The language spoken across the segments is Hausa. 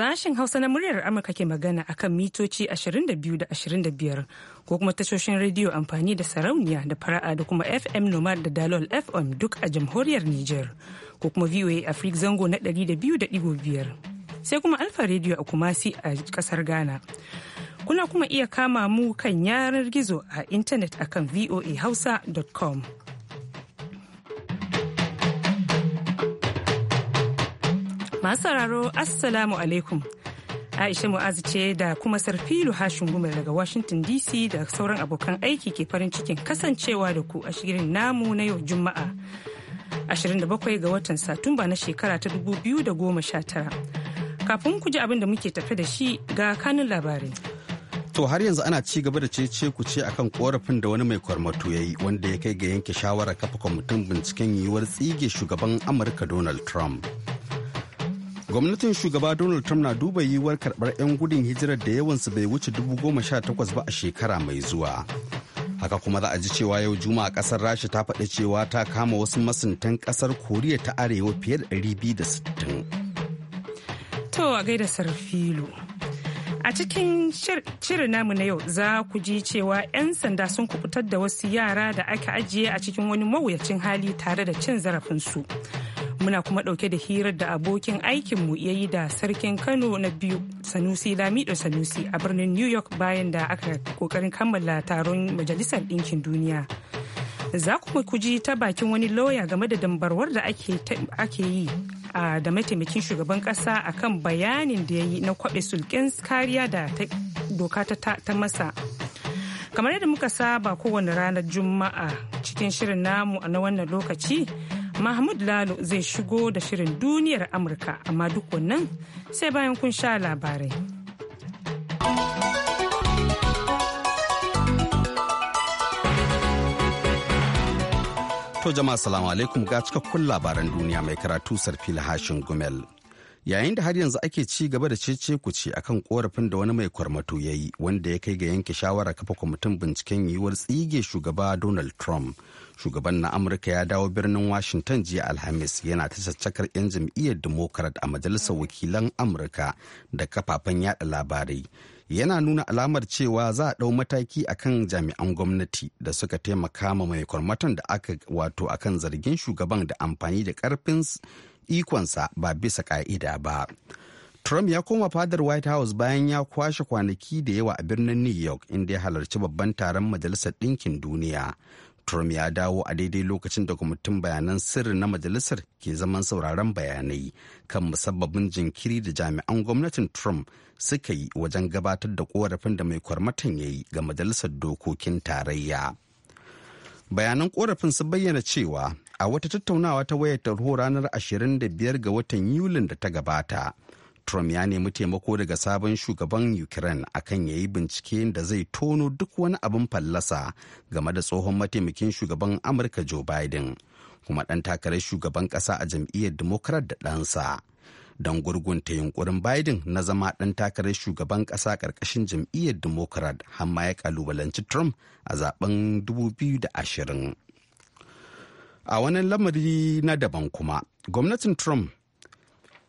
Sashen Hausa na muryar Amurka ke magana akan mitoci 22 da 25 ko kuma tashoshin rediyo amfani da sarauniya da fara'a da kuma FM Nomad da Dalol FM duk a jamhuriyar Nijar ko kuma VOA Africa zango na 200.5 sai kuma Alfa Radio a Kumasi a kasar Ghana. Kuna kuma iya kama mu kan yanar gizo a intanet akan voahausa.com. Masu sauraro Assalamu alaikum. Aisha Mu'azu ce da kuma Sarfilu Hashin Gumar daga Washington DC da sauran abokan aiki ke farin cikin kasancewa da ku a shirin namu na yau Juma'a 27 ga watan Satumba na shekara ta 2019. Kafin ku ji abin da muke tafe da shi ga kanun labarai. To har yanzu ana ci gaba da cece ku ce akan korafin da wani mai kwarmato ya yi wanda ya kai ga yanke shawarar kafa kwamitin binciken yiwuwar tsige shugaban Amurka Donald Trump. gwamnatin shugaba donald trump na duba yiwuwar karbar 'yan gudun hijirar da yawansu bai wuce dubu goma sha takwas ba a shekara mai zuwa haka kuma za a ji cewa yau juma'a kasar rasha ta faɗi cewa ta kama wasu masuntan kasar koriya ta arewa fiye da 260 to a gaida sarfilu a cikin shirin namu na yau za ku ji cewa 'yan sanda sun kubutar da wasu yara da aka ajiye a cikin wani mawuyacin hali tare da cin zarafin su. muna kuma ɗauke da hirar da abokin aikinmu ya yi da sarkin kano na biyu sanusi lamido sanusi a birnin new york bayan da aka kokarin kammala taron majalisar ɗinkin duniya za ku ku ji ta bakin wani lauya game da dambarwar da ake yi da mataimakin shugaban ƙasa a kan bayanin da ya yi na kwaɓe sulkin kariya da doka ta masa kamar yadda muka saba kowane ranar juma'a cikin shirin namu a na wannan lokaci Mahmud Lalo zai shigo da shirin duniyar Amurka amma duk wannan sai bayan kun sha labarai. To jama'a salamu alaikum ga cikakkun labaran duniya mai karatu sarfila hashin gumel. yayin da har yanzu ake ci gaba da cece kuce akan korafin da wani mai kwarmato ya yi wanda ya kai ga yanke shawara kafa kwamitin binciken yiwuwar tsige shugaba donald trump shugaban na amurka ya dawo birnin washington jiya alhamis yana ta caccakar 'yan jam'iyyar democrat a majalisar wakilan amurka da kafafen yada labarai yana nuna alamar cewa za a ɗau mataki akan jami'an gwamnati da suka taimaka ma mai kwarmaton da aka wato akan zargin shugaban da amfani da ƙarfin ikonsa ba bisa ka'ida ba. Trump ya koma fadar White House bayan ya kwashe kwanaki da yawa a birnin New York inda ya halarci babban taron Majalisar Ɗinkin Duniya. Trump ya dawo a daidai lokacin da kwamitin bayanan sirri na majalisar ke zaman sauraron bayanai kan musabbabin jinkiri da jami'an gwamnatin Trump suka yi wajen gabatar da korafin da mai kwarmatan ya yi ga majalisar dokokin tarayya. Bayanan korafin sun bayyana cewa a wata tattaunawa ta wayar tarho ranar 25 ga watan yulin da ta gabata trump ya nemi taimako daga sabon shugaban ukraine akan ya yi bincike da zai tono duk wani abin fallasa game da tsohon mataimakin shugaban amurka joe biden kuma ɗan takarar shugaban ƙasa a jam'iyyar democrat da ɗansa don gurgunta yunkurin biden na zama ɗan takarar shugaban ƙasa ƙarƙashin jam'iyyar democrat hamma ya ƙalubalanci trump a zaben 2020 a wani lamari na daban kuma gwamnatin trump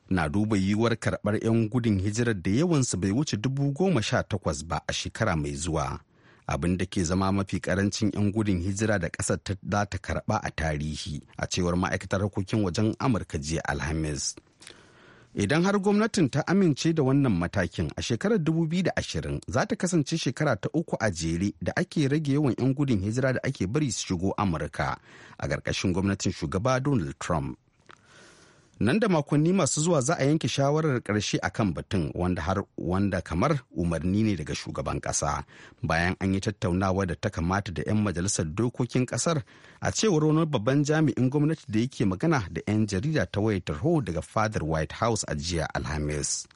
na duba yiwuwar karɓar 'yan gudun hijirar da yawansu bai wuce dubu goma sha takwas ba a shekara mai zuwa abin da ke zama mafi karancin 'yan gudun hijira da ƙasar za ta karɓa a tarihi a cewar ma'aikatar harkokin wajen amurka jiya alhamis Idan har gwamnatin ta amince da wannan matakin a shekarar 2020 za ta kasance shekara ta uku a jere da ake rage yawan 'yan gudun hijira da ake bari su shigo Amurka a ƙarƙashin gwamnatin shugaba Donald Trump. nan da makonni masu zuwa za a yanke shawarar karshe a kan batun wanda har wanda kamar umarni ne daga shugaban kasa bayan an yi tattaunawa da ta kamata da 'yan majalisar dokokin kasar a cewar wani babban jami'in gwamnati da yake magana da 'yan jarida ta wayar tarho daga fadar white house a jiya alhamis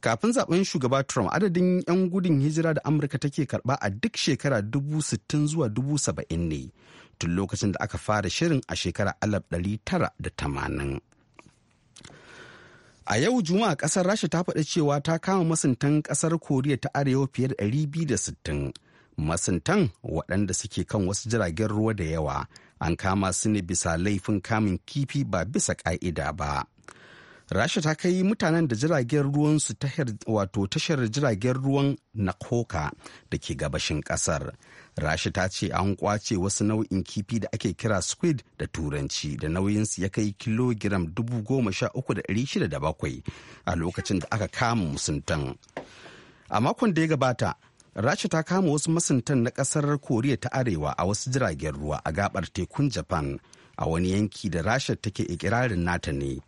kafin zaben shugaba trump adadin 'yan gudun hijira da amurka take karba a duk shekara dubu sittin zuwa dubu saba'in ne tun lokacin da aka fara shirin a shekara shekarar 1980 A yau Juma'a kasar Rasha ta faɗi cewa ta kama masuntan kasar Koriya ta Arewa fiye da 260. Masuntan waɗanda suke kan wasu jiragen ruwa da yawa an kama su ne bisa laifin kamun kifi ba bisa ƙa'ida ba. Rasha ta kai mutanen da jiragen ruwan su ta wato tashar jiragen ruwan Nakoka da ke gabashin ƙasar. rasha ta ce an kwace wasu nau'in kifi da ake kira squid da turanci da nauyinsu ya kai kilogiram bakwai a lokacin da aka kama musuntan a makon da ya gabata rasha ta kama wasu masuntan na kasar koriya ta arewa a wasu jiragen ruwa a gabar tekun japan a wani yanki da rasha take ikirarin nata ne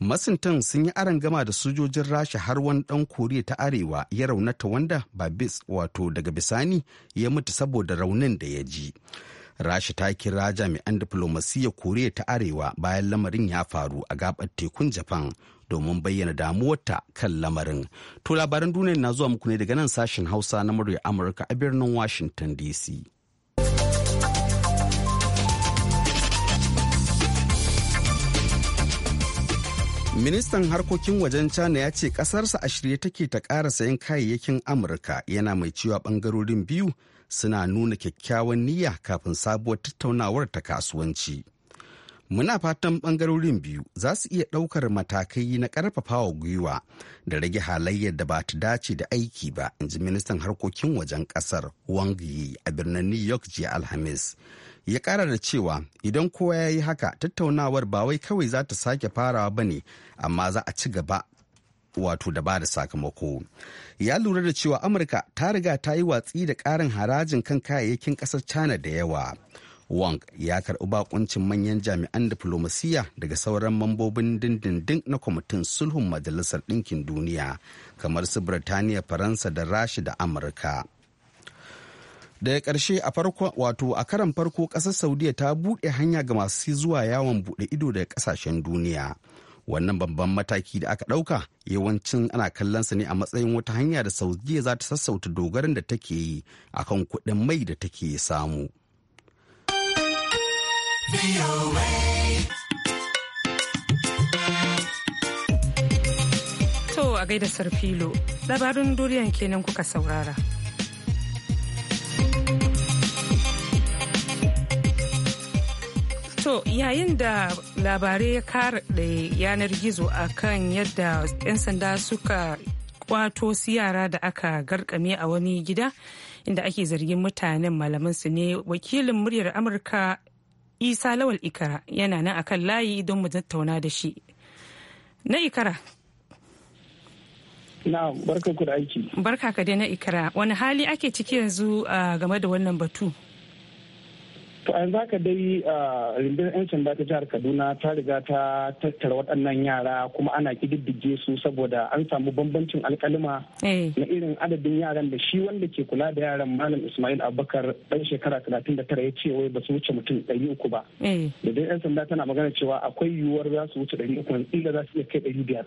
masuntan sun yi aron gama da sojojin rasha har wani dan koriya ta arewa ya raunata wanda babis wato daga bisani ya mutu saboda raunin da ya ji rasha ta kira jami'an diflomasiyyar koriya ta arewa bayan lamarin ya faru a gabar tekun japan domin bayyana damuwarta kan lamarin to labaran duniya na zuwa muku ne daga nan sashen hausa na murya amurka a birnin washington dc Ministan harkokin wajen China ya ce ƙasarsa a shirye take ta ƙara sayan kayayyakin Amurka yana mai cewa ɓangarorin biyu suna nuna kyakkyawan niyya kafin sabuwar tattaunawar ta kasuwanci. Muna fatan ɓangarorin biyu za su iya ɗaukar matakai na ƙarfafawa gwiwa da rage halayyar da ba ta dace da aiki ba, in ji ministan harkokin wajen ƙasar Wang Yi a birnin New York jiya Alhamis. ya kara da cewa idan kowa ya yi haka tattaunawar ba wai kawai za ta sake farawa ba ne amma za a ci gaba wato da ba da sakamako ya lura da cewa amurka ta riga ta yi watsi da karin harajin kan kayayyakin kasar china da yawa wang ya karɓi bakuncin manyan jami'an diflomasiyya daga sauran mambobin dindindin na kwamitin sulhun majalisar ɗinkin duniya kamar su birtaniya faransa da rashi da amurka daga ƙarshe a farko wato a karan farko ƙasar saudiya ta buɗe hanya ga masu zuwa yawon buɗe ido daga ƙasashen duniya wannan babban mataki da aka ɗauka yawancin ana kallon sa ne a matsayin wata hanya da saudiya za ta sassauta dogaran da take yi a kan kuɗin mai da take samu To a gaida sarfilo labarin duniyan kenan kuka saurara. To yayin da labarai ya da yanar gizo a kan yadda 'yan sanda suka kwato su yara da aka garkame a wani gida inda ake zargin mutanen malamansu ne wakilin muryar Amurka Isa Lawal Ikara yana nan akan layi don mu tattauna da shi. Na Ikara. Na barka ku da aiki. Barka ka dai na Ikara. Wani hali ake ciki yanzu game da wannan batu? to an zaka dai rundunar 'yan sanda ta jihar kaduna ta riga ta tattara waɗannan yara kuma ana kididdige su saboda an samu bambancin alkalima eh. na irin adadin yaran da shi wanda ke kula da yaran malam ismail abubakar ɗan shekara talatin da tara ya ce wai ba su wuce mutum ɗari uku ba eh. da dai 'yan sanda tana magana cewa akwai yiwuwar za su wuce ɗari uku kila za su iya kai ɗari biyar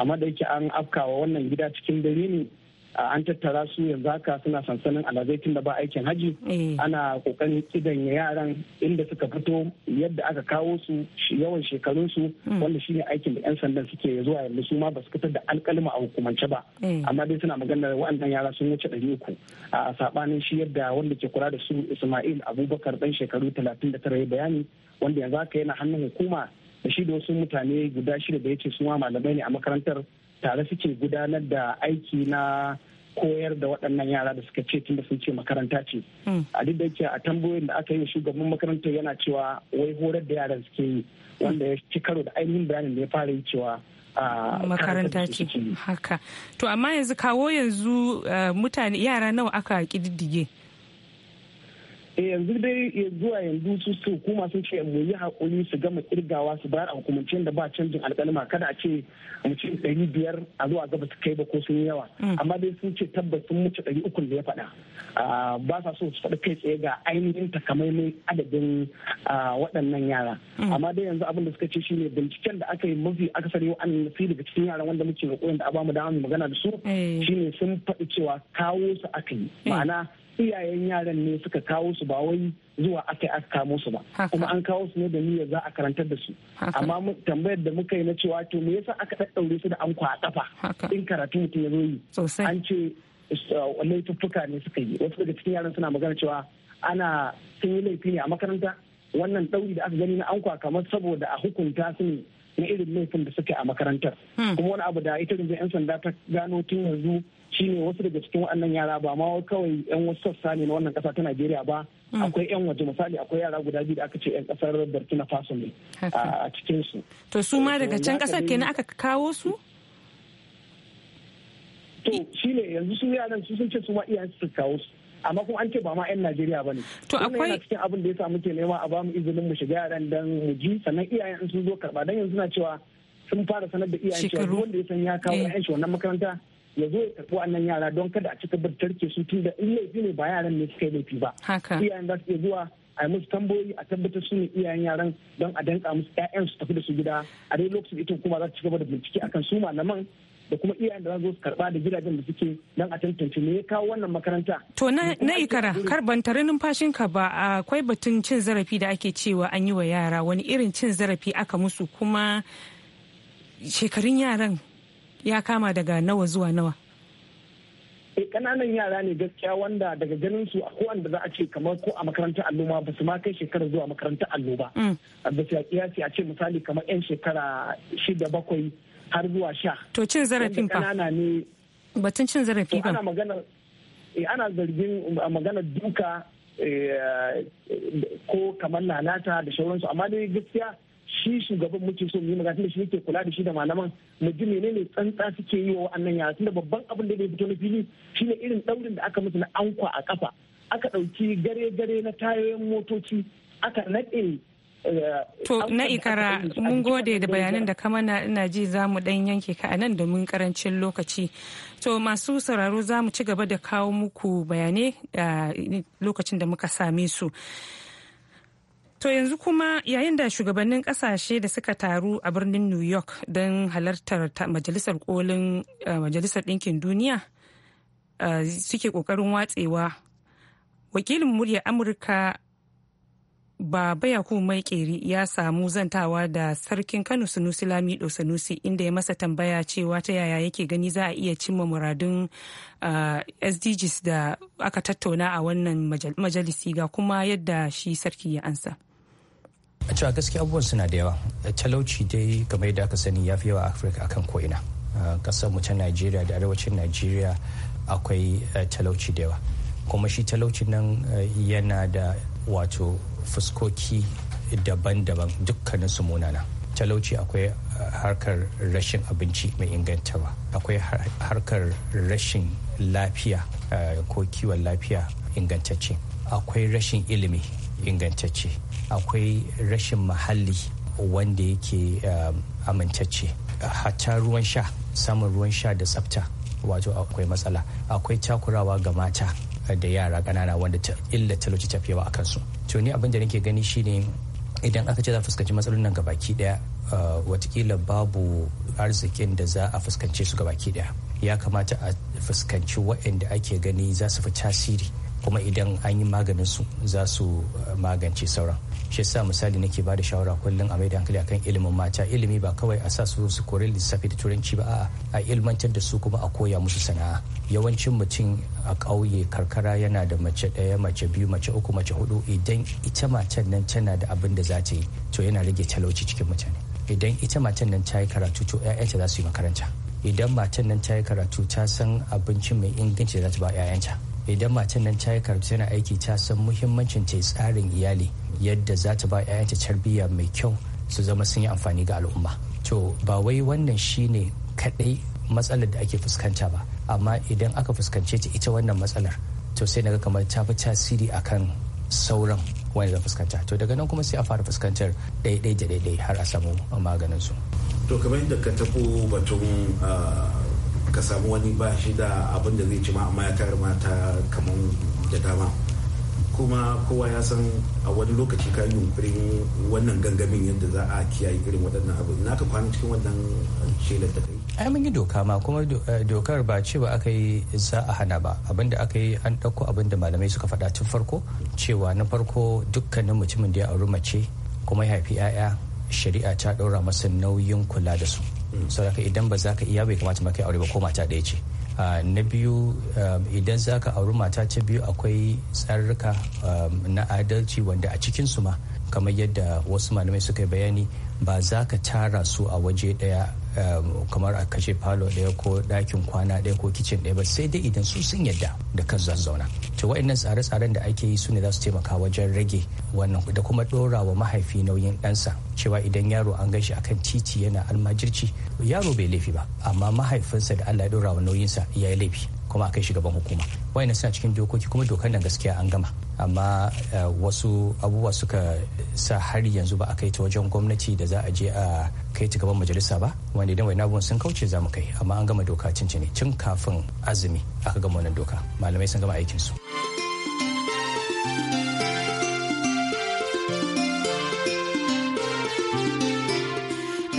amma da yake an afkawa wannan gida cikin dare ne an tattara su yanzu haka suna sansanin alazaitin da ba aikin haji eh. ana kokarin kidan yaran inda suka fito yadda aka kawo su yawan shekarun su hmm. wanda shine aikin da yan sandan suke zuwa yanzu su ma ba su fitar da alkalma a hukumance ba eh. amma dai suna magana da waɗannan yara sun wuce ɗari uku a sabanin shi yadda wanda ke kula da su Ismail Abubakar dan shekaru talatin da tara ya bayani wanda yanzu haka yana hannun hukuma da shi da wasu mutane guda shida da ya ce su ma malamai ne a makarantar tare suke gudanar da aiki na koyar da waɗannan yara da suka ce tun da sun ce makaranta ce hmm. a duk da yake a tambayoyin da aka yi shugaban makarantar yana cewa wai horar da yaran suke yi wanda ya ci karo da ainihin bayanin da ya fara yi cewa makaranta ce haka to amma yanzu kawo yanzu eh, mutane yara nawa aka kididdige Eh, yanzu dai eh, zuwa yanzu su su hukuma sun ce mu yi hakuri su gama kirgawa su bayar a hukumance da ba canjin alƙalima kada a ce mu ce ɗari biyar a zuwa gaba su kai ba ko sun yi yawa mm. amma dai sun ce tabbas sun wuce ɗari uku da ya faɗa ah, ba sa so su faɗi kai tsaye ga ainihin takamaiman adadin ah, waɗannan yara mm. amma dai yanzu abin da suka ce shine binciken da aka yi mafi akasari wa'annan nasi daga cikin yaran wanda muke ga da a bamu damar magana da su eh. shine sun faɗi cewa kawo su aka yi ma'ana iyayen yaran ne suka kawo su ba wai zuwa aka yi aka kamo su ba kuma an kawo su ne da niyyar za a karantar da su amma tambayar da muka yi na cewa to me yasa aka ɗaɗɗaure su da an a kafa in karatu mutum ya zo yi an ce uh, laifuffuka ne suka yi wasu daga cikin yaran suna magana cewa ana sun yi laifi ne a makaranta wannan ɗauri da aka gani na an kwa kamar saboda a hukunta su ne na irin laifin da suke a makarantar hmm. kuma wani abu da ita da 'yan sanda ta gano tun yanzu shine wasu daga cikin waɗannan yara ba ma kawai 'yan wasu sassa ne na wannan ƙasa ta Najeriya ba hmm. akwai 'yan waje misali akwai yara guda biyu da aka ce 'yan ƙasar Burkina Faso ne a cikin su. To su ma daga eh, can ƙasar kenan aka kawo su? To shine yanzu su yaran su sun ce su ma iyayen su kawo su. amma kuma an ce ba ma 'yan Najeriya ba ne. To akwai cikin abin da ya samu ke nema a ba mu izinin mu shiga yaran dan mu ji sannan iyayen sun zo karba dan yanzu na cewa sun fara sanar da iyayen cewa duk wanda ya san ya kawo eh. ƴan shi wannan makaranta ya zo ya karɓi wannan yara don kada a cika bartarke su tun da in laifi ne ba yaran ne suka yi laifi ba. Iyayen za su iya zuwa a musu tambayoyi a tabbatar su ne iyayen yaran don a danka musu 'ya'yan su tafi da su gida a dai lokacin ita kuma za su ci gaba da bincike akan su malaman da kuma iyayen da za su karba da gidajen da suke dan a tantance me ya kawo wannan makaranta. To na ikara kar ban numfashin ka ba akwai batun cin zarafi da ake cewa an yi wa yara wani irin cin zarafi aka musu kuma shekarun yaran ya kama daga nawa zuwa nawa. eh kananan yara ne gaskiya wanda daga ganin su ko wanda za a ce kamar ko a makarantar allo ma ba su ma kai shekara zuwa makarantar allo ba da mm. su kiyasi a ce misali kamar yan shekara shida bakwai har zuwa sha to cin zarafin fa kanana ne batun cin zarafi ba. ana magana eh ana zargin magana duka eh, eh, ko kamar lalata da sauransu amma dai gaskiya shi shugaban muke so yi magana da shi yake kula da shi da malaman mu ji menene tsantsa suke yi wa wannan yara tunda babban abin da ya fito na fili shine irin daurin da aka musu na ankwa a kafa aka ɗauki gare gare na tayoyin motoci aka naɗe eh, To na ikara mun gode da bayanan da kama ina ji za mu dan yanke ka anan domin karancin lokaci. To masu sauraro za mu ci gaba da kawo muku bayanai eh, lokacin da muka same su. To yanzu kuma yayin da shugabannin kasashe da suka taru a birnin New York don halartar majalisar kolin eh, majalisar ɗinkin duniya eh, suke ƙoƙarin watsewa. Wakilin murya Amurka Baba Yakubu Mai ƙeri ya samu zantawa da Sarkin Kano Sunusi Lamido Sanusi inda ya masa tambaya cewa ta yaya yake gani za a iya cimma muradun eh, SDGs da aka tattauna a wannan majalisi ga kuma yadda shi sarki ya ansa. a cewa gaskiya abubuwan suna da yawa talauci dai game da aka sani ya fi yawa a afirka akan ko'ina kasar mu ta najeriya da arewacin najeriya akwai eh, talauci da yawa kuma shi talauci nan eh, yana da wato fuskoki daban-daban dukkanin su munana talauci akwai harkar rashin abinci mai ingantawa akwai harkar rashin lafiya eh, ko kiwon lafiya ingantacce akwai rashin ilimi ingantacce akwai rashin muhalli wanda yake um, amintacce hatta ruwan sha samun ruwan sha da tsafta wato akwai matsala akwai takurawa ga mata da yara ƙanana wanda illa talauci tafiyawa a kansu to ni abin da nake gani shine idan aka ce za a fuskanci matsalolin nan gabaki daya uh, watakila babu arzikin da za a fuskance su gabaki daya ya kamata a fuskanci waɗanda ake gani za su fi tasiri kuma idan an yi maganin su za su eh, magance sauran shi sa misali nake ba da shawara kullum a maida hankali akan ilimin mata ilimi ba kawai a sa su su kori lissafi da turanci ba a ilmantar da su kuma a koya musu sana'a yawancin mutum a ƙauye karkara yana da mace ɗaya mace biyu mace uku mace hudu idan ita matan nan tana da abin da za ta yi to yana rage talauci cikin mutane idan ita matan nan ta yi karatu to 'ya'yanta za su yi makaranta idan matan nan ta yi karatu ta san abincin mai inganci da za ta ba 'ya'yanta idan macen nan ta yi karatu yana aiki ta san muhimmancin ta tsarin iyali yadda za ta ba 'ya'yanta tarbiyya mai kyau su zama sun yi amfani ga al'umma to ba wai wannan shine kadai matsalar da ake fuskanta ba amma idan aka fuskance ta ita wannan matsalar to sai naga kamar ta fi tasiri akan sauran wanda fuskanta to daga nan kuma sai a fara fuskantar ɗaiɗai da ɗaiɗai har a samu maganin su to kamar yadda ka taɓo batun ah, ka samu wani ba shi da abin da zai ci ma amma ya tayar mata kamar da dama kuma kowa ya san a wani lokaci ka yi yunkurin wannan gangamin yadda za a kiyaye irin waɗannan abu na ka kwana cikin wannan shelar da kai ai mun yi doka ma kuma eh, dokar ba cewa aka yi za a hana ba abinda aka yi an ɗauko abinda malamai suka faɗa tun farko cewa na farko dukkanin mutumin da ya auri mace kuma ya haifi 'ya'ya shari'a ta ɗaura masa nauyin kula da su saboda idan ba za ka iya bai kamata ma kai aure ba ko mata ɗaya ce ah, na biyu ah, idan za ka auri mata ta biyu akwai tsarurruka ah, na adalci wanda a cikin su ma kamar yadda wasu malamai suka yi bayani ba za ka tara su a waje ɗaya Um, kamar a kashe falo ɗaya ko ɗakin kwana ɗaya ko kicin ɗaya ba sai dai idan su sun yadda da kan zauna to wa'annan tsare-tsaren da ake yi su ne za su taimaka wajen rage wannan da kuma ɗora wa mahaifi nauyin ɗansa cewa idan yaro an shi akan titi yana almajirci yaro bai laifi ba amma mahaifinsa da allah ya ɗora wa nauyinsa ya yi laifi kuma a kai shugaban hukuma wayannan suna cikin dokoki kuma dokar nan gaskiya an gama amma eh, wasu abubuwa suka sa har yanzu ba a kai ta wajen gwamnati da za a je a kai ta gaban majalisa ba wanda idan wani abubuwan sun kauce za mu kai amma an gama doka cinci ne cin kafin azumi aka gama wannan doka malamai sun gama aikinsu. su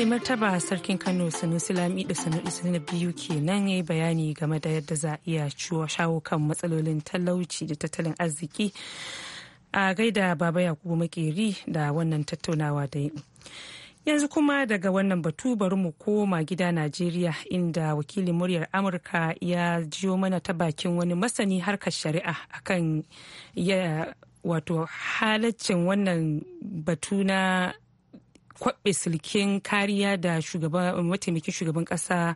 mai martaba sarkin kano sanusi da sanusi na biyu kenan ya yi bayani game da yadda za a iya shawo kan matsalolin talauci da tattalin arziki a gaida baba yakubu makeri da wannan tattaunawa da yi yanzu kuma daga wannan batu bari mu koma gida najeriya inda wakilin muryar amurka ya jiyo mana ta bakin wani masani harkar shari'a akan wato halaccin wannan batu na kwabe silkin kariya da mataimakin shugaban ƙasa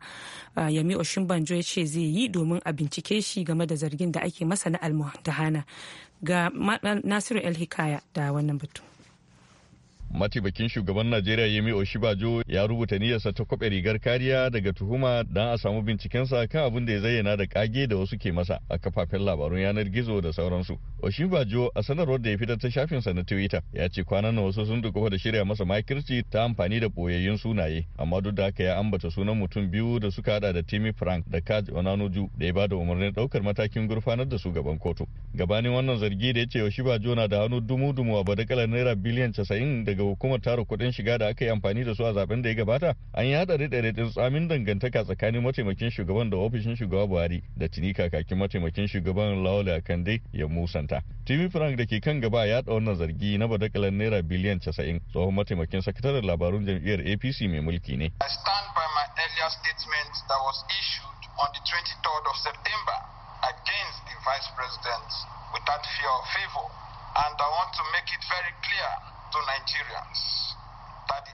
yami oshinbanjo ya ce zai yi domin a bincike shi game da zargin da ake masa na almuhantahana ga nasiru el hikaya da wannan batun. mataimakin shugaban najeriya yemi oshibajo ya rubuta niyyarsa ta kwaɓe rigar kariya daga tuhuma don a samu bincikensa kan abin da ya zayyana da kage da wasu ke masa a kafafen labarun yanar gizo da sauransu oshibajo a sanarwar da ya fitar ta shafinsa na twitter ya ce kwanan na wasu sun dukufa da shirya masa makirci ta amfani da boyayyun sunaye amma duk da haka ya ambata sunan mutum biyu da suka hada da timi frank da kaj onanuju da ya ba da umarnin daukar matakin gurfanar da su gaban kotu gabanin wannan zargi da ya ce oshibajo na da hannu dumu-dumu a badakalar naira biliyan casa'in da daga hukumar tara kuɗin shiga da aka yi amfani da su a zaben da ya gabata an yi hadari ɗare ɗin tsamin dangantaka tsakanin mataimakin shugaban da ofishin shugaba buhari da tuni kakakin mataimakin shugaban laule kande ya musanta timi frank da ke kan gaba ya yaɗa wannan zargi na badakalar naira biliyan casa'in tsohon mataimakin sakataren labarun jam'iyyar apc mai mulki ne i stand by my earlier statement that was issued on the 23rd of september against the vice president without fear or favor and i want to make it very clear to Nigerians that the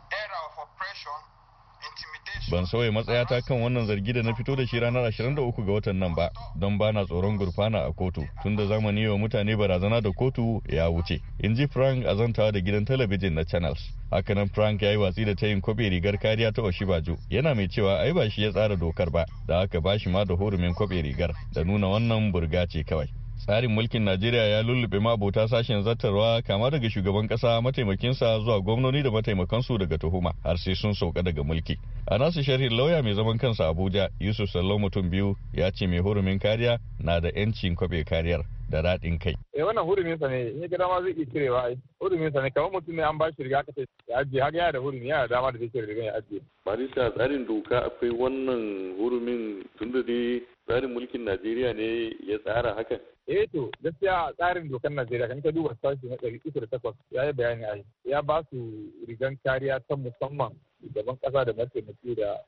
Ban sauya matsayata kan wannan zargi da na fito da shi ranar 23 ga watan nan ba, don ba na tsoron gurfana a kotu, tunda zamani wa mutane barazana da kotu ya wuce. In ji Frank a zantawa da gidan talabijin na Channels. Hakanan Frank ya yi watsi da tayin kwabe rigar kariya ta bajo yana mai cewa ai ba shi ya tsara dokar ba, da aka ba shi ma da hurumin kwabe rigar, da nuna wannan burga ce kawai. tsarin mulkin najeriya ya lullube mabota sashen zattarwa kama daga shugaban kasa mataimakinsa zuwa gwamnoni da mataimakansu daga tuhuma har sai sun sauka daga mulki a nasu sharhin lauya mai zaman kansa abuja yusuf salo mutum biyu ya ce mai hurumin kariya na da 'yancin kwabe kariyar da raɗin kai. Eh wannan hurumin sa ne in ya dama zai iya cirewa ai hurumin sa ne kamar mutum ne an ba shi riga aka ce ya ajiye har yana da hurumi yana da dama da zai cire ya ajiye. Barista tsarin doka akwai wannan hurumin tun da dai tsarin mulkin Najeriya ne ya tsara hakan. eh to gaskiya tsarin dokar najeriya kan ka duba sashi na ɗari uku da takwas ya yi bayani a ya ba su rigan kariya ta musamman shugaban kasa da mataimaki da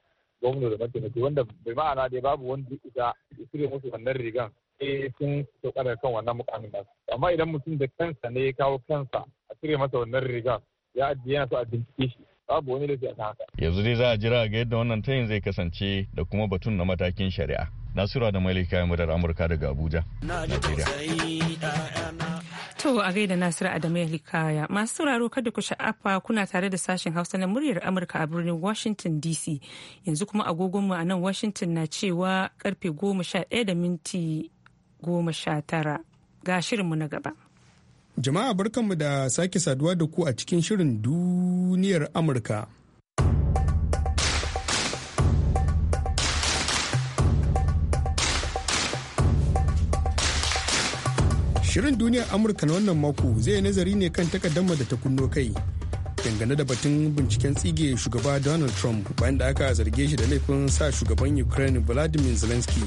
gwamna da mataimaki wanda bai ma'ana dai babu wanda isa ya cire musu wannan rigan eh sun tsokana kan wannan mukamin nasu amma idan mutum da kansa ne ya kawo kansa a cire masa wannan rigan ya ajiye yana so a bincike shi babu wani laifi a haka yanzu dai za a jira ga yadda wannan tayin zai kasance da kuma batun na matakin shari'a Nasura da Malika ya murar Amurka daga Abuja, Najeriya. To a da Nasiru Adamu Yalikaya masu sauraro kada ku sha'afa kuna tare da sashen Hausa na muryar Amurka a birnin Washington DC. Yanzu kuma agogonmu a nan Washington na cewa karfe goma sha ɗaya da minti goma sha tara ga shirinmu na gaba. Jama'a barkanmu da sake saduwa da ku a cikin shirin duniyar Amurka. Shirin duniyar Amurka na wannan mako zai nazari ne kan takaddama da ta kunno kai dangane da batun binciken tsige shugaba Donald Trump bayan da aka zarge shi da laifin sa shugaban Ukraine Vladimir Zelensky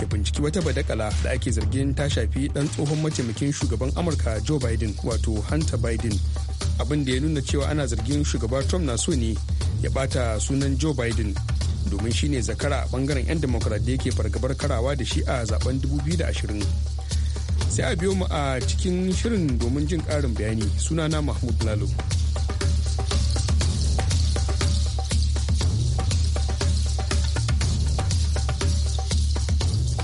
ya binciki wata badakala da ake zargin ta shafi dan tsohon mataimakin shugaban Amurka Joe Biden wato Hunter Biden abin da ya nuna cewa ana zargin shugaba Trump na so ne ya bata sunan Joe Biden domin shine zakara a bangaren 'yan demokrat da yake fargabar karawa da shi a zaben 2020. sai a biyo mu a cikin shirin domin jin ƙarin bayani sunana mahmud lalo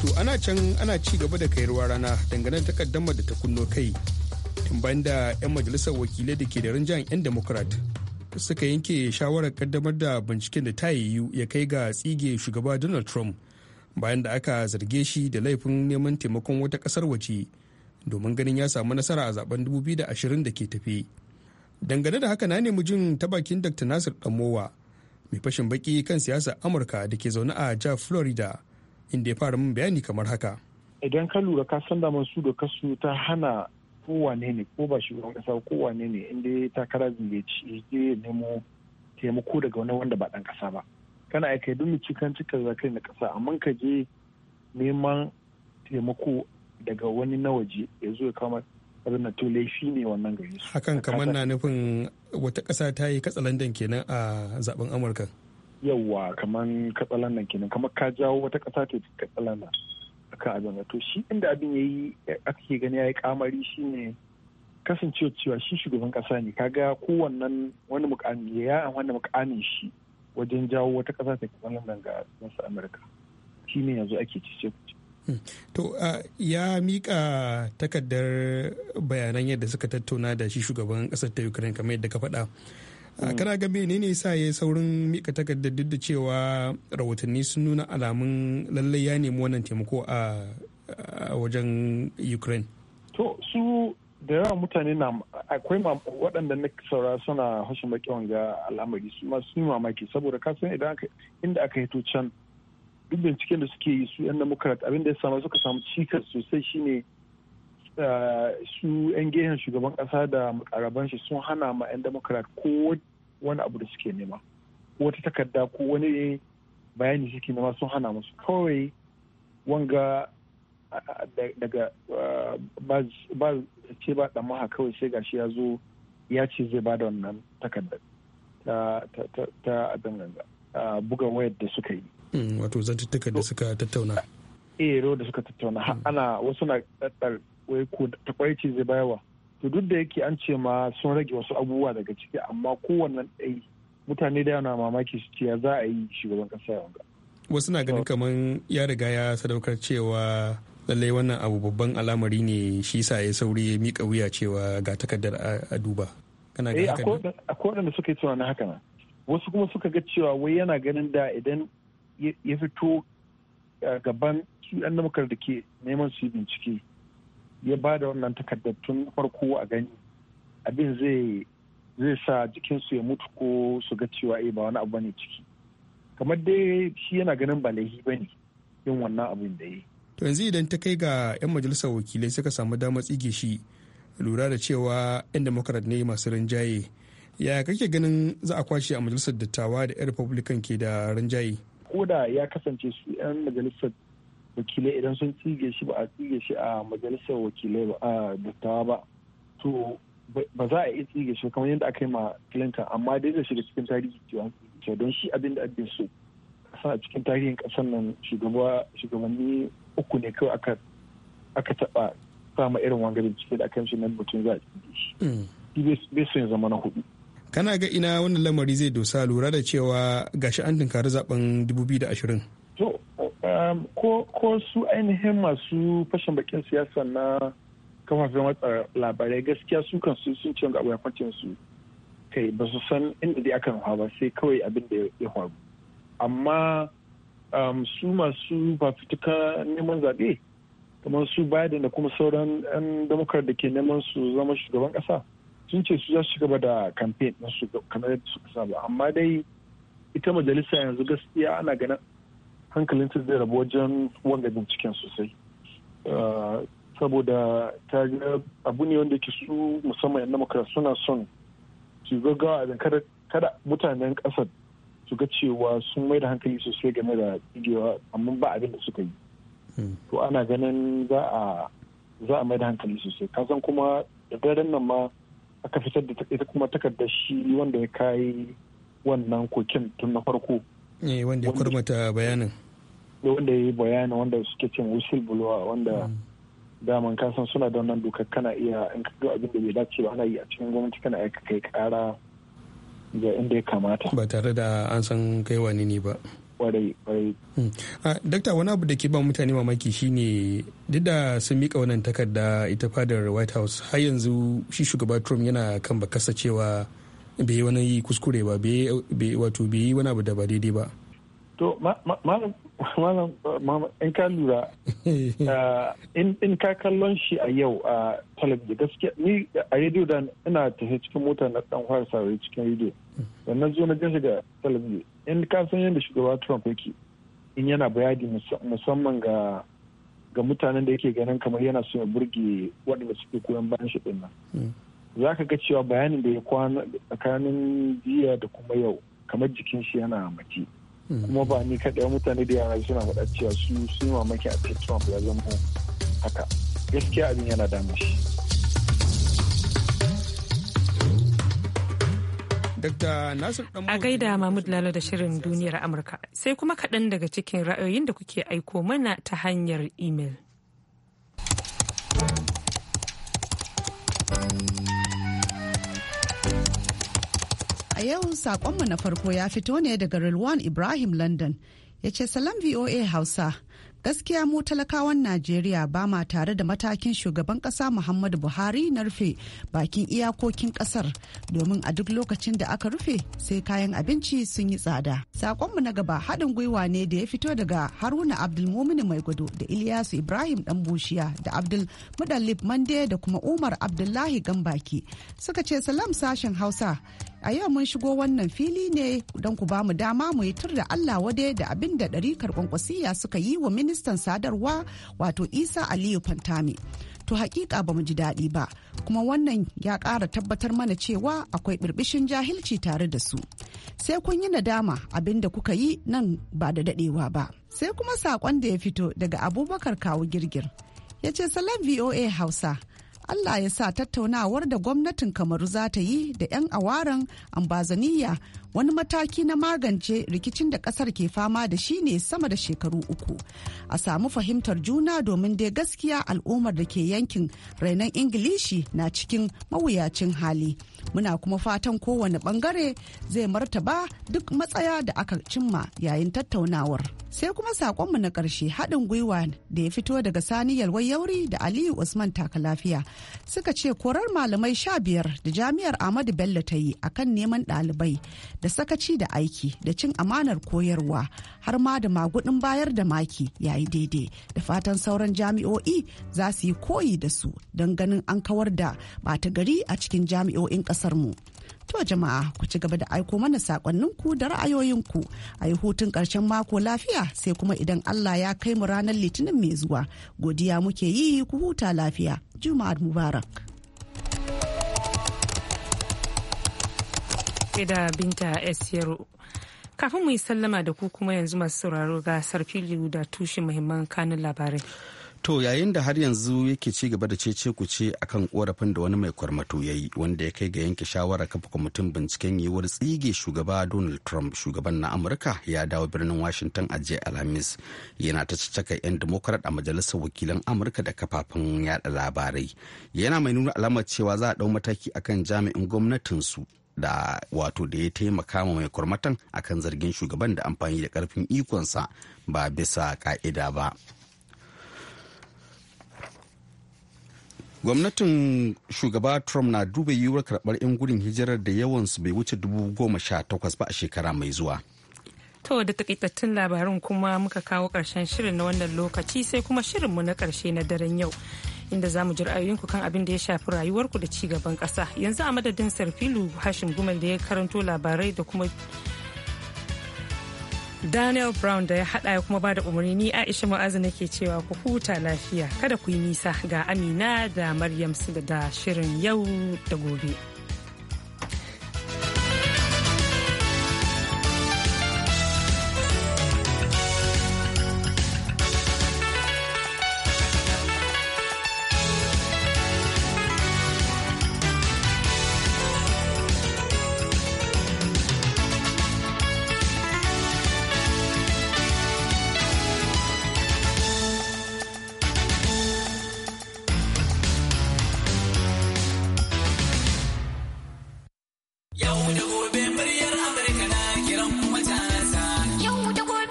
to ana can ana ci gaba da kai rana dangane da takaddamar da ta kunno kai tun bayan da 'yan majalisar wakilai da ke da rinjayen 'yan democrat suka yanke shawarar kaddamar da binciken da ta yiwu ya kai ga tsige shugaba donald trump bayan da aka zarge shi da laifin neman taimakon wata kasar waje domin ganin ya samu nasara a zaben 2020 da ke tafi dangane da haka na nemi jin ta bakin dr nasir damowa mai fashin baki kan siyasar amurka da ke zaune a jihar florida inda ya fara min bayani kamar haka idan ka lura ka san daman su da kasu ta hana kowane ne ko ba shi wani kasa kowane ne inda takara zai ci ya nemo taimako daga wani wanda ba dan kasa ba kana aika duk cikin cikin zakai na kasa amma ka je neman taimako daga wani na waje ya zo ya kama abin to laifi ne wannan gari hakan kamar na nufin wata ƙasa ta yi katsalandan kenan a zaben amurka yawwa kamar katsalandan kenan kamar ka jawo wata ƙasa ta yi katsalandan kan abin to shi inda abin ya yi ake gani ya yi kamari shine kasancewa cewa shi shugaban kasa ne ka ga kowannan wani mukami ya wani mukamin shi wajen jawo wata kasa ta yi katsalandan ga amurka shi ne yanzu ake cice Hmm. To ya mika takardar bayanan yadda suka tattauna da shi shugaban kasar ta Ukraine kamar yadda ka faɗa. Hmm. Kana ga menene sa ya saurin mika takardar duk da cewa rahotanni sun nuna alamun lallai ya nemi wannan taimako a wajen Ukraine. To su da yawa mutane na akwai waɗanda na saura suna hashin baki wanga al'amari su masu mamaki saboda kasan idan inda aka hito can duk binciken da suke yi su 'yan democrat abin da ya samu suka samu cikas sosai shine eh, su 'yan gehen shugaban kasa da makaraban shi sun hana ma 'yan democrat ko wani abu da suke nema ko wata takarda ko wani bayani suke nema sun hana musu kawai wanga daga eh, ba ce ba dan maha kawai sai gashi ya zo ya ce zai bada wannan takardar ta abin eh, buga wayar da suka yi Mm, wato zantuttuka eh, da suka tattauna ero da suka tattauna ana wasu na ɗaɗɗar wai ko takwaici zai bayarwa to duk da yake an ce ma sun rage wasu abubuwa daga ciki amma kowanne ɗai mutane da yana mamaki su ce za a yi shugaban ƙasa yau wasu na ganin kamar ya riga ya sadaukar cewa lallai wannan abu babban alamari ne shi sa ya sauri ya mika wuya cewa ga takardar a duba kana ga eh, haka akwai waɗanda suka yi tunanin haka na wasu kuma suka ga cewa wai yana ganin da idan ya fito gaban su 'yan namukar da ke neman su bincike ya ba da wannan takardattun farko a gani abin zai sa jikinsu ya mutu ko su ga cewa eh ba wani abu ne ciki kamar dai shi yana ganin ba laifi ba ne yin wannan abin da ya to yanzu idan ta kai ga 'yan majalisar wakilai suka samu damar tsige shi lura da cewa 'yan demokrat ne masu rinjaye ya kake ganin za a kwashe a majalisar dattawa da 'yan republican ke da rinjaye koda ya kasance su 'yan majalisar wakilai idan sun tsige shi ba a tsige shi a majalisar wakilai ba a dattawa ba to ba za a iya tsige shi kamar yadda aka yi ma Clinton amma dai da shiga cikin tarihi cewa tsige don shi abin da abin so kasa a cikin tarihin kasar nan shugabanni uku ne kawai aka aka taba sama irin wangarin bincike da aka yi shi nan mutum za a tsige shi mm. bai so ya zama na hudu kana ga ina wannan lamari zai dosa lura da cewa gashi an tunkari zaben 2020 to um, ko su ainihin masu fashin bakin siyasa na kafafen watsa labarai gaskiya su kan su sun ce ga abu su kai ba su san inda dai aka nufa ba sai kawai abin da ya faru amma um, su masu fafutuka neman zaɓe kamar su biden da kuma sauran 'yan damakar da ke neman su zama shugaban ƙasa sun ce su za su gaba da kamfen na su kamar yadda suka saba amma dai ita majalisa yanzu gaskiya ana ganin ta zai rabu wajen wanga binciken sosai ah, saboda ta abu ne wanda ke su musamman yan makara suna son su gaggawa a kada kada mutanen kasar su ga cewa sun mai da hankali sosai game da tsigewa amma ba abin da suka yi hmm. to ana ganin za a mai da hankali sosai kasan kuma da nan ma aka fitar da ita kuma takardar shi wanda ya kai wannan kokin tun na farko eh wanda ya kurmata bayanin wanda ya yi bayanin wanda suke cin wusil blower wanda mm. daman kasan suna da wannan dokar kana iya in ka abin da bai dace ba ana yi a cikin gwamnati kana aika kai kara ga inda ya kamata ba tare da an san kai wani ne ba kwarai kwarai. Hmm. Dakta wani abu da ke ba mutane mamaki shine duk da sun mika wannan takarda ita fadar White House har yanzu shi shugaba Trump yana kan kasa cewa bai yi wani kuskure ba bai wato bai yi wani abu da ba daidai ba. To in ka lura in ka kallon shi a yau a talabijin gaskiya ni a rediyo da ina tafi cikin mota na dan fara saurari cikin rediyo hmm. da na zo na gan ga talabijin yan ka san yadda shugaba trump yake in yana bayani musamman ga ga mutanen da yake ganin kamar yana so ya burge waɗanda suke koyon bayan shi ɗin nan hmm. za ka ga cewa bayanin da ya kwana tsakanin jiya da kuma yau kamar jikin shi yana mace hmm. kuma ba ni kaɗai mutane da yara suna faɗa cewa su yi mamaki a cikin trump ya zama haka gaskiya abin yana damun shi A gaida Mahmud Lalo da shirin duniyar Amurka. Sai kuma kaɗan daga cikin ra'ayoyin da kuke aiko mana ta hanyar imel. A yau saƙonmu na farko ya fito ne daga Rilwan Ibrahim London. Ya ce salam VOA Hausa. gaskiya mu talakawan najeriya ba ma tare da matakin shugaban kasa muhammadu buhari na rufe bakin iyakokin kasar domin a duk lokacin da aka rufe sai kayan abinci sun yi tsada sakonmu na gaba haɗin gwiwa ne da ya fito daga haruna momini mai gudu da ilyasu ibrahim dan bushiya da abdul mudallib mande da kuma umar abdullahi gambaki suka ce salam sashen hausa A yau mun shigo wannan fili ne don ku bamu dama mu yi tur da Allah wade da abin da ɗarikar kwankwasiya suka yi wa ministan sadarwa wato Isa Aliyu Fantami. To hakika ba mu ji daɗi ba, kuma wannan ya ƙara tabbatar mana cewa akwai birbishin jahilci tare da su. Sai kun yi nadama abin da kuka yi nan ba da daɗewa ba. Sai kuma saƙon da ya fito daga Abubakar Kawu Girgir. Ya ce salam VOA Hausa. Allah ya sa tattaunawar da gwamnatin Kamaru za ta yi da 'yan awaran ambazaniya wani mataki na magance rikicin da kasar ke fama da shi ne sama da shekaru uku. A samu fahimtar juna domin dai gaskiya al'ummar da ke yankin rainon Ingilishi na cikin mawuyacin hali. Muna kuma fatan kowane bangare zai martaba duk matsaya da aka cimma yayin tattaunawar. Sai kuma saƙonmu na ƙarshe haɗin gwiwa da ya fito daga Sani Yalwai Yauri da Aliyu Usman Taka Lafiya suka ce korar malamai sha biyar da jami'ar Ahmadu Bello ta yi akan neman ɗalibai da sakaci da aiki da cin amanar koyarwa har ma da magudin bayar da maki yayi daidai da fatan sauran jami'o'i za su yi koyi da su don ganin an kawar da bata gari a cikin jami'o'in ƙasar mu. To jama'a ku ci gaba da aiko mana sakonninku da ra'ayoyinku a yi hutun ƙarshen mako lafiya sai kuma idan Allah ya kai mu ranar litinin mai zuwa. Godiya muke yi ku huta lafiya. Juma'ar Mubarak. Ida Binta S. Kafin mu yi sallama da ku kuma yanzu masu sauraro ga sarfili da tushen muhimman kanun labarai. To yayin da har yanzu yake ci gaba da cece kuce akan korafin da wani mai kwarmato ya yi wanda ya kai ga yanke shawara kafa kwamitin binciken yiwuwar tsige shugaba Donald Trump shugaban na Amurka ya dawo birnin Washington a jiya Alhamis yana ta caka 'yan Democrat a majalisar wakilan Amurka da kafafen yada labarai. Yana mai nuna alamar cewa za a dau mataki akan jami'in gwamnatinsu da wato da ya taimaka ma mai kwarmatan akan zargin shugaban da amfani da karfin ikonsa ba bisa ka'ida ba. gwamnatin shugaba trump na duba yiwuwar karɓar 'yan gudun hijirar da yawansu bai wuce dubu goma sha takwas ba a shekara mai zuwa to da takaitattun labarin kuma muka kawo ƙarshen shirin na wannan lokaci sai kuma shirin mu na karshe na daren yau inda za mu ji ra'ayoyinku kan abin da ya shafi rayuwarku da ci gaban ƙasa yanzu a madadin sarfilu hashim gumel da ya karanto labarai da kuma Daniel Brown da ya haɗa ya kuma bada umarni ni Aisha Mu'azu nake cewa ku huta lafiya kada ku yi nisa ga Amina da Maryam su da shirin yau da gobe.